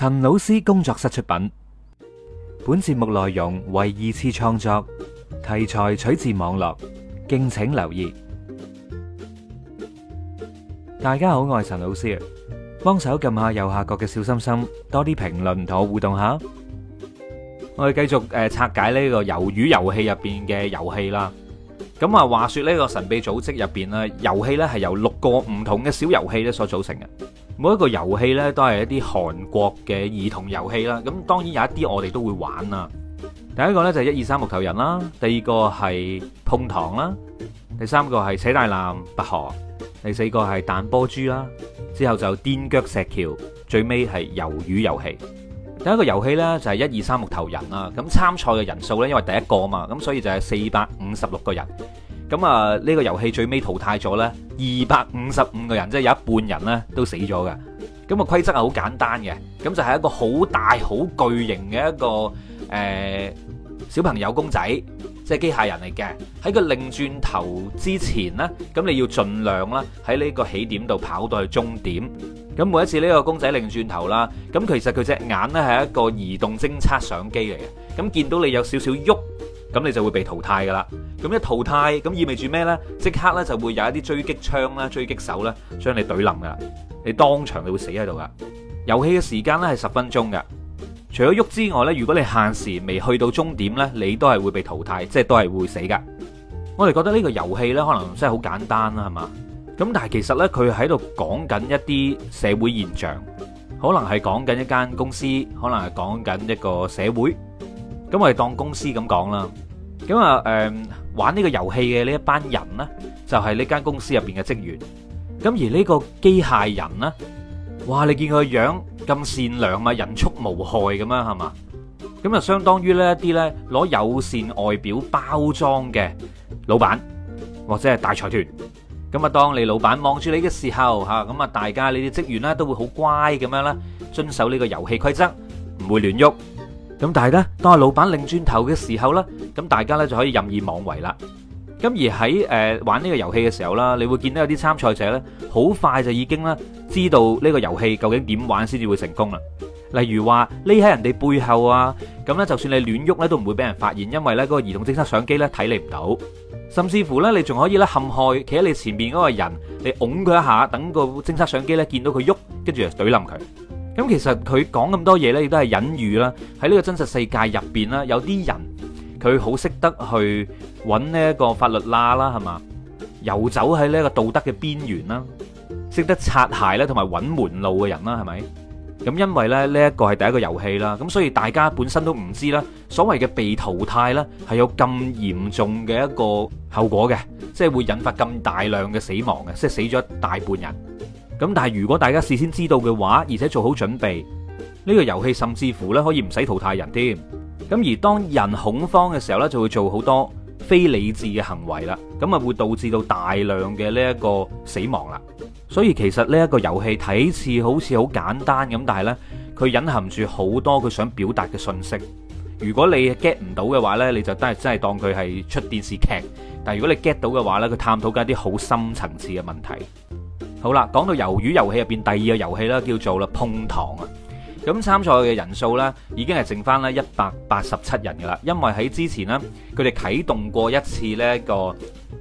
陳老師工作室出品，本節目內容為二次創作，題材取自網絡，敬請留意。大家好，我係陳老師啊，幫手撳下右下角嘅小心心，多啲評論同我互動下。我哋繼續誒拆解呢個魷魚遊戲入邊嘅遊戲啦。咁啊，話說呢個神秘組織入邊咧，遊戲咧係由六個唔同嘅小遊戲咧所組成嘅。每一個遊戲咧都係一啲韓國嘅兒童遊戲啦，咁當然有一啲我哋都會玩啦。第一個咧就係一二三木頭人啦，第二個係碰糖啦，第三個係扯大纜拔河，第四個係彈波珠啦，之後就踮腳石橋，最尾係魷魚遊戲。第一個遊戲咧就係一二三木頭人啦，咁參賽嘅人數咧因為第一個嘛，咁所以就係四百五十六個人。咁啊，呢個遊戲最尾淘汰咗呢，二百五十五個人，即係有一半人呢都死咗嘅。咁個規則係好簡單嘅，咁就係一個好大好巨型嘅一個誒小朋友公仔，即係機械人嚟嘅。喺佢擰轉頭之前呢，咁你要盡量啦，喺呢個起點度跑到去終點。咁每一次呢個公仔擰轉頭啦，咁其實佢隻眼呢係一個移動偵測相機嚟嘅，咁見到你有少少喐。咁你就會被淘汰噶啦，咁一淘汰咁意味住咩呢？即刻呢就會有一啲狙擊槍啦、狙擊手啦，將你懟冧噶啦，你當場你會死喺度噶。遊戲嘅時間呢係十分鐘噶，除咗喐之外呢，如果你限時未去到終點呢，你都係會被淘汰，即係都係會死噶。我哋覺得呢個遊戲呢可能真係好簡單啦，係嘛？咁但係其實呢佢喺度講緊一啲社會現象，可能係講緊一間公司，可能係講緊一個社會。咁我哋當公司咁講啦，咁啊，誒，玩呢個遊戲嘅呢一班人咧，就係呢間公司入邊嘅職員。咁而呢個機械人咧，哇，你見佢樣咁善良啊，人畜無害咁啊，係嘛？咁啊，相當於咧一啲咧攞友善外表包裝嘅老闆或者係大財團。咁啊，當你老闆望住你嘅時候，吓咁啊，大家你啲職員咧都會好乖咁樣啦，遵守呢個遊戲規則，唔會亂喐。咁但係咧，當係老闆擰轉頭嘅時候咧，咁大家咧就可以任意妄為啦。咁而喺誒玩呢個遊戲嘅時候啦，你會見到有啲參賽者咧，好快就已經咧知道呢個遊戲究竟點玩先至會成功啦。例如話匿喺人哋背後啊，咁咧就算你亂喐咧都唔會俾人發現，因為咧嗰個移動偵測相機咧睇你唔到。甚至乎咧，你仲可以咧陷害企喺你前面嗰個人，你㧬佢一下，等個偵測相機咧見到佢喐，跟住就懟冧佢。咁其實佢講咁多嘢呢，亦都係隱喻啦。喺呢個真實世界入邊啦，有啲人佢好識得去搵呢一個法律罅啦，係嘛，遊走喺呢一個道德嘅邊緣啦，識得擦鞋咧，同埋搵門路嘅人啦，係咪？咁因為咧呢一個係第一個遊戲啦，咁所以大家本身都唔知啦。所謂嘅被淘汰啦，係有咁嚴重嘅一個後果嘅，即係會引發咁大量嘅死亡嘅，即係死咗大半人。咁但係如果大家事先知道嘅話，而且做好準備，呢個遊戲甚至乎咧可以唔使淘汰人添。咁而當人恐慌嘅時候呢，就會做好多非理智嘅行為啦。咁啊，會導致到大量嘅呢一個死亡啦。所以其實呢一個遊戲睇似好似好簡單咁，但係呢，佢隱含住好多佢想表達嘅信息。如果你 get 唔到嘅話呢，你就真係真係當佢係出電視劇。但係如果你 get 到嘅話呢，佢探討緊一啲好深層次嘅問題。好啦，講到魷魚遊戲入邊第二個遊戲啦，叫做啦碰糖啊。咁參賽嘅人數咧，已經係剩翻咧一百八十七人噶啦。因為喺之前咧，佢哋啟動過一次呢一個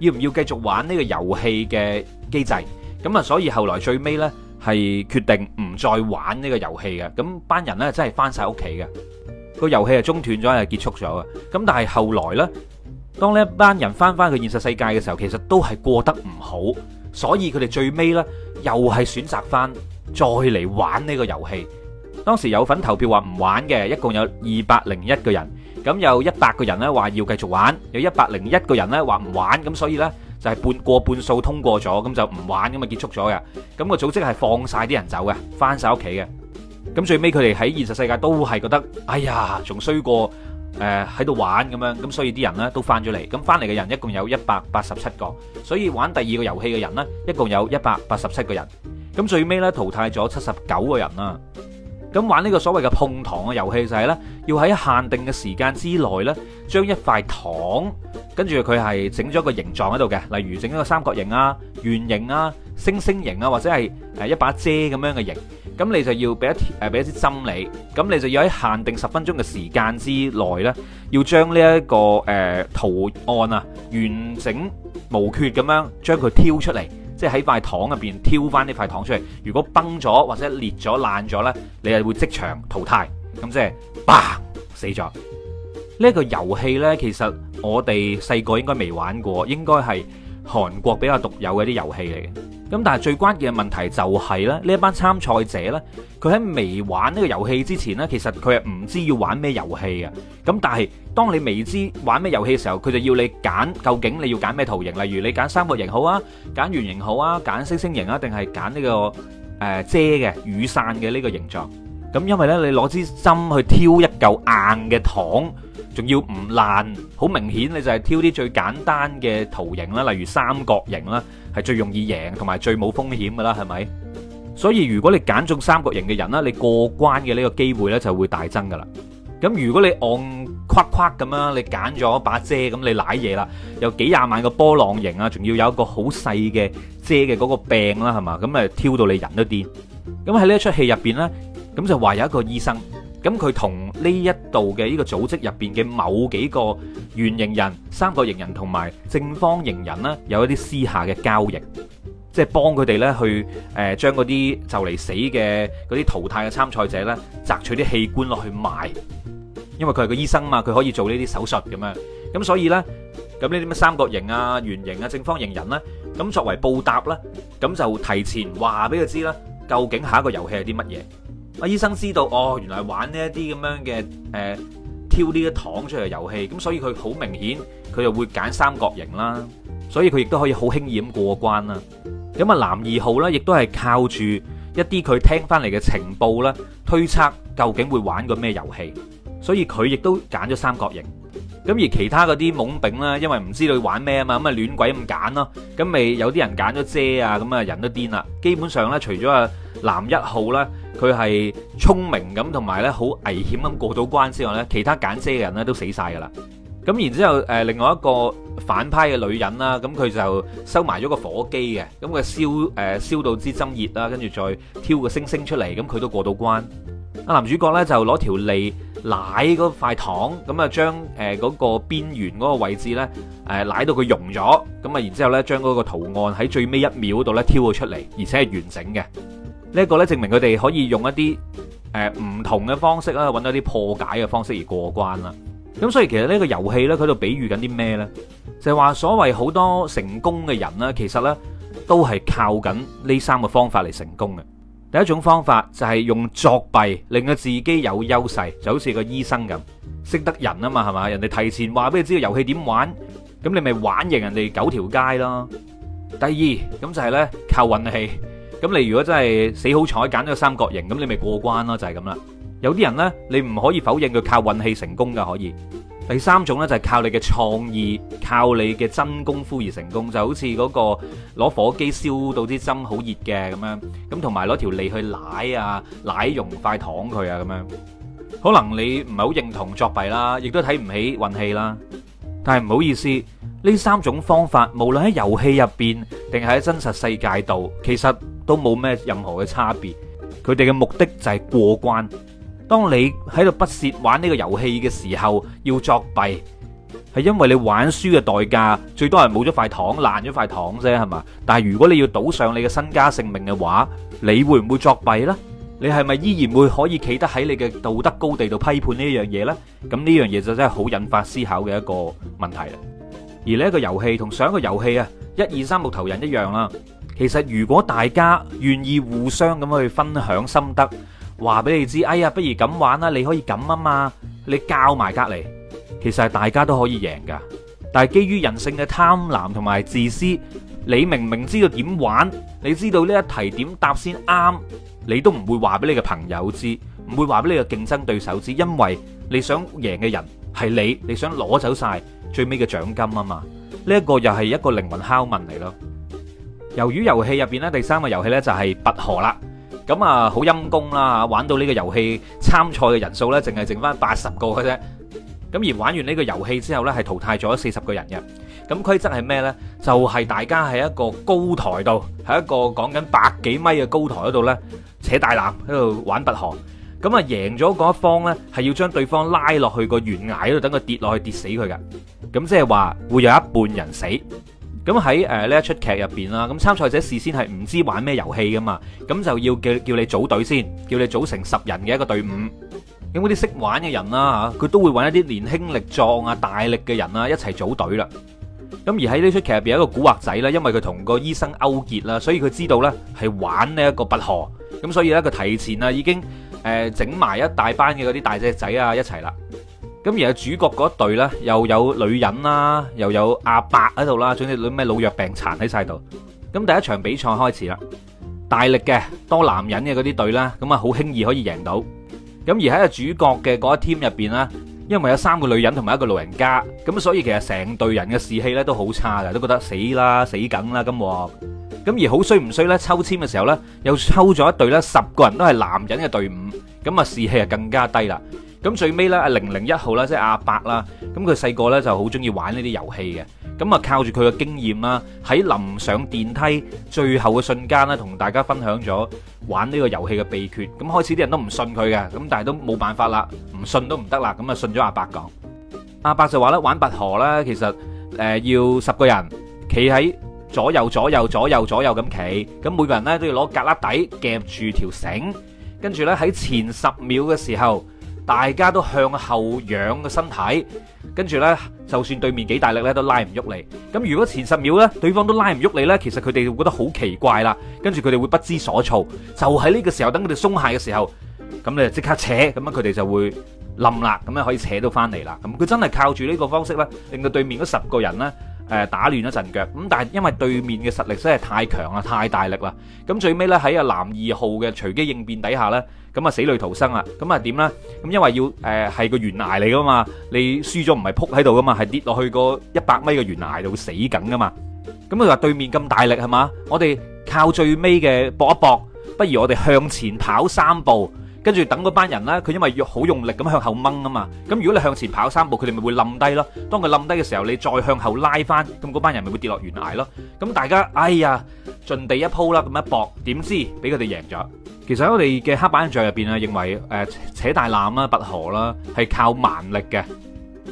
要唔要繼續玩呢個遊戲嘅機制，咁啊，所以後來最尾咧係決定唔再玩呢個遊戲嘅。咁班人咧真係翻晒屋企嘅，個遊戲係中斷咗，係結束咗嘅。咁但係後來咧，當呢一班人翻翻去現實世界嘅時候，其實都係過得唔好。所以佢哋最尾呢，又係選擇返再嚟玩呢個遊戲。當時有份投票話唔玩嘅，一共有二百零一個人。咁有一百個人呢話要繼續玩，有一百零一個人呢話唔玩。咁所以呢就係半過半數通過咗，咁就唔玩咁啊，結束咗嘅。咁個組織係放晒啲人走嘅，返晒屋企嘅。咁最尾佢哋喺現實世界都係覺得哎呀，仲衰過。誒，喺度、呃、玩咁樣，咁所以啲人呢都翻咗嚟，咁翻嚟嘅人一共有一百八十七個，所以玩第二個遊戲嘅人呢，一共有一百八十七個人，咁最尾呢，淘汰咗七十九個人啦。咁玩呢個所謂嘅碰糖嘅遊戲就係呢，要喺限定嘅時間之內呢，將一塊糖跟住佢係整咗個形狀喺度嘅，例如整一個三角形啊、圓形啊。星星型啊，或者係誒一把遮咁樣嘅型，咁你就要俾一誒俾、啊、一支針你，咁你就要喺限定十分鐘嘅時間之內呢，要將呢一個誒、呃、圖案啊完整無缺咁樣將佢挑出嚟，即係喺塊糖入邊挑翻呢塊糖出嚟。如果崩咗或者裂咗爛咗呢，你係會即場淘汰，咁即係嘣死咗。這個、遊戲呢一個遊戲呢，其實我哋細個應該未玩過，應該係韓國比較獨有嘅啲遊戲嚟嘅。咁但係最關鍵嘅問題就係、是、咧，呢一班參賽者呢，佢喺未玩呢個遊戲之前呢，其實佢係唔知要玩咩遊戲嘅。咁但係當你未知玩咩遊戲嘅時候，佢就要你揀究竟你要揀咩圖形，例如你揀三角形好啊，揀圓形好啊，揀星星形啊，定係揀呢個誒、呃、遮嘅雨傘嘅呢個形狀。咁因為呢，你攞支針去挑一嚿硬嘅糖，仲要唔爛，好明顯你就係挑啲最簡單嘅圖形啦，例如三角形啦。係最容易贏同埋最冇風險噶啦，係咪？所以如果你揀中三角形嘅人啦，你過關嘅呢個機會咧就會大增噶啦。咁如果你按框框咁啊，你揀咗把遮咁，你瀨嘢啦，有幾廿萬個波浪形啊，仲要有一個好細嘅遮嘅嗰個柄啦，係嘛？咁誒挑到你人都癲。咁喺呢一出戲入邊呢，咁就話有一個醫生。咁佢同呢一度嘅呢個組織入邊嘅某幾個圓形人、三角形人同埋正方形人咧，有一啲私下嘅交易，即係幫佢哋咧去誒將嗰啲就嚟死嘅嗰啲淘汰嘅參賽者咧，摘取啲器官落去賣，因為佢係個醫生嘛，佢可以做呢啲手術咁樣。咁所以咧，咁呢啲咩三角形啊、圓形啊、正方形人咧，咁作為報答啦，咁就提前話俾佢知啦，究竟下一個遊戲係啲乜嘢？阿醫生知道哦，原來玩呢一啲咁樣嘅誒、呃，挑啲糖出嚟嘅遊戲咁，所以佢好明顯佢就會揀三角形啦。所以佢亦都可以好輕易咁過關啦。咁啊，男二號咧，亦都係靠住一啲佢聽翻嚟嘅情報啦，推測究竟會玩個咩遊戲，所以佢亦都揀咗三角形。咁而其他嗰啲懵丙啦，因為唔知佢玩咩啊嘛，咁啊亂鬼咁揀咯。咁咪有啲人揀咗遮啊，咁啊人都癲啦。基本上咧，除咗啊男一號啦。佢係聰明咁，同埋咧好危險咁過到關之外呢，其他揀遮嘅人咧都死晒噶啦。咁然之後，誒另外一個反派嘅女人啦，咁佢就收埋咗個火機嘅，咁佢燒誒燒到支針熱啦，跟住再挑個星星出嚟，咁佢都過到關。啊男主角呢，就攞條脷舐嗰塊糖，咁啊將誒嗰個邊緣嗰個位置呢誒舐到佢溶咗，咁啊然之後咧將嗰個圖案喺最尾一秒度咧挑咗出嚟，而且係完整嘅。呢一個咧證明佢哋可以用一啲誒唔同嘅方式啦，揾到一啲破解嘅方式而過關啦。咁所以其實呢個遊戲咧，佢度比喻緊啲咩咧？就係話所謂好多成功嘅人啦，其實咧都係靠緊呢三個方法嚟成功嘅。第一種方法就係用作弊令佢自己有優勢，就好似個醫生咁，識得人啊嘛，係嘛？人哋提前話俾你知個遊戲點玩，咁你咪玩贏人哋九條街咯。第二咁就係咧靠運氣。咁你如果真係死好彩，揀咗三角形，咁你咪過關咯，就係咁啦。有啲人呢，你唔可以否認佢靠運氣成功噶，可以。第三種呢就係靠你嘅創意，靠你嘅真功夫而成功，就好似嗰個攞火機燒到啲針好熱嘅咁樣，咁同埋攞條脷去舐啊，舐溶塊糖佢啊，咁樣。可能你唔係好認同作弊啦，亦都睇唔起運氣啦，但係唔好意思，呢三種方法無論喺遊戲入邊定係喺真實世界度，其實。都冇咩任何嘅差別，佢哋嘅目的就係過關。當你喺度不屑玩呢個遊戲嘅時候，要作弊，係因為你玩輸嘅代價最多係冇咗塊糖、爛咗塊糖啫，係嘛？但係如果你要賭上你嘅身家性命嘅話，你會唔會作弊呢？你係咪依然會可以企得喺你嘅道德高地度批判呢樣嘢呢？咁呢樣嘢就真係好引發思考嘅一個問題啦。而呢一個遊戲同上一個遊戲啊，一二三木頭人一樣啦。其實如果大家願意互相咁去分享心得，話俾你知，哎呀，不如咁玩啦，你可以咁啊嘛，你教埋隔籬，其實係大家都可以贏噶。但係基於人性嘅貪婪同埋自私，你明明知道點玩，你知道呢一題點答先啱，你都唔會話俾你嘅朋友知，唔會話俾你嘅競爭對手知，因為你想贏嘅人係你，你想攞走晒最尾嘅獎金啊嘛，呢一個又係一個靈魂拷問嚟咯。魷魚遊戲入邊咧，第三個遊戲咧就係拔河啦。咁啊，好陰功啦！玩到呢個遊戲參賽嘅人數咧，淨係剩翻八十個嘅啫。咁而玩完呢個遊戲之後咧，係淘汰咗四十個人嘅。咁規則係咩咧？就係大家喺一個高台度，喺一個講緊百幾米嘅高台嗰度咧，扯大纜喺度玩拔河。咁啊，贏咗嗰一方咧，係要將對方拉落去個懸崖嗰度，等佢跌落去跌死佢嘅。咁即係話會有一半人死。咁喺誒呢一出劇入邊啦，咁參賽者事先係唔知玩咩遊戲噶嘛，咁就要叫叫你組隊先，叫你組成十人嘅一個隊伍。咁嗰啲識玩嘅人啦、啊、嚇，佢都會揾一啲年輕力壯啊、大力嘅人啊一齊組隊啦。咁而喺呢出劇入邊有一個古惑仔啦，因為佢同個醫生勾結啦，所以佢知道呢係玩呢一個拔河，咁所以呢，佢提前啊已經誒整埋一大班嘅嗰啲大隻仔啊一齊啦。咁而係主角嗰一隊咧，又有女人啦，又有阿伯喺度啦，總之老咩老弱病殘喺晒度。咁第一場比賽開始啦，大力嘅多男人嘅嗰啲隊啦，咁啊好輕易可以贏到。咁而喺個主角嘅嗰一 team 入邊咧，因為有三個女人同埋一個老人家，咁所以其實成隊人嘅士氣咧都好差㗎，都覺得死啦死梗啦咁。咁而好衰唔衰咧？抽籤嘅時候咧，又抽咗一隊咧，十個人都係男人嘅隊伍，咁啊士氣啊更加低啦。咁最尾咧，阿零零一號啦，即係阿伯啦。咁佢細個咧就好中意玩呢啲遊戲嘅。咁啊，靠住佢嘅經驗啦，喺臨上電梯最後嘅瞬間咧，同大家分享咗玩呢個遊戲嘅秘訣。咁開始啲人都唔信佢嘅，咁但係都冇辦法啦，唔信都唔得啦。咁啊，信咗阿伯講。阿伯就話咧，玩拔河咧，其實誒要十個人企喺左右左右左右左右咁企，咁每個人咧都要攞胳肋底夾住條繩，跟住咧喺前十秒嘅時候。大家都向後仰個身體，跟住咧，就算對面幾大力咧，都拉唔喐你。咁如果前十秒咧，對方都拉唔喐你咧，其實佢哋會覺得好奇怪啦。跟住佢哋會不知所措，就喺呢個時候等佢哋鬆懈嘅時候，咁你即刻扯，咁樣佢哋就會冧啦。咁你可以扯到翻嚟啦。咁佢真係靠住呢個方式咧，令到對面嗰十個人咧誒打亂咗陣腳。咁但係因為對面嘅實力真係太強啦，太大力啦。咁最尾咧喺阿男二號嘅隨機應變底下咧。咁啊死裏逃生啊！咁啊點呢？咁因為要誒係個懸崖嚟噶嘛，你輸咗唔係扑喺度噶嘛，係跌落去個一百米嘅懸崖度死梗噶嘛。咁佢話對面咁大力係嘛？我哋靠最尾嘅搏一搏，不如我哋向前跑三步，跟住等嗰班人呢。佢因為要好用力咁向後掹啊嘛。咁如果你向前跑三步，佢哋咪會冧低咯。當佢冧低嘅時候，你再向後拉翻，咁嗰班人咪會跌落懸崖咯。咁大家哎呀，盡地一鋪啦，咁一搏，點知俾佢哋贏咗？其實喺我哋嘅黑板印象入邊啊，認為誒、呃、扯大纜啦、拔河啦係靠蠻力嘅。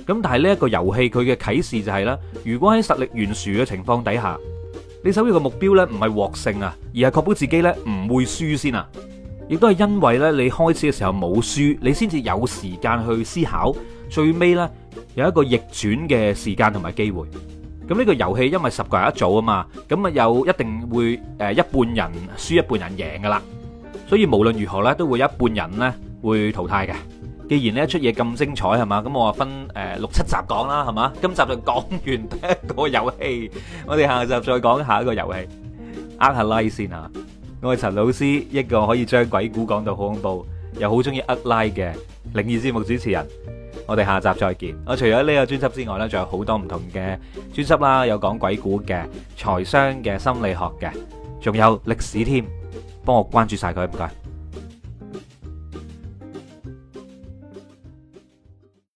咁但係呢一個遊戲佢嘅啟示就係、是、咧，如果喺實力懸殊嘅情況底下，你首要嘅目標咧唔係獲勝啊，而係確保自己咧唔會先輸先啊。亦都係因為咧，你開始嘅時候冇輸，你先至有時間去思考最尾呢，有一個逆轉嘅時間同埋機會。咁、嗯、呢、這個遊戲因為十個人一組啊嘛，咁啊又一定會誒、呃、一半人輸一半人贏噶啦。所以無論如何咧，都會一半人咧會淘汰嘅。既然呢一出嘢咁精彩係嘛，咁我話分誒六七集講啦係嘛。今集就講完第一個遊戲，我哋下集再講下一個遊戲。呃下 like 先吓，我係陳老師，一個可以將鬼故講到好恐怖，又好中意呃 like 嘅靈異節目主持人。我哋下集再見。我除咗呢個專輯之外咧，仲有好多唔同嘅專輯啦，有講鬼故嘅、財商嘅、心理學嘅，仲有歷史添。幫我關注晒佢，唔該。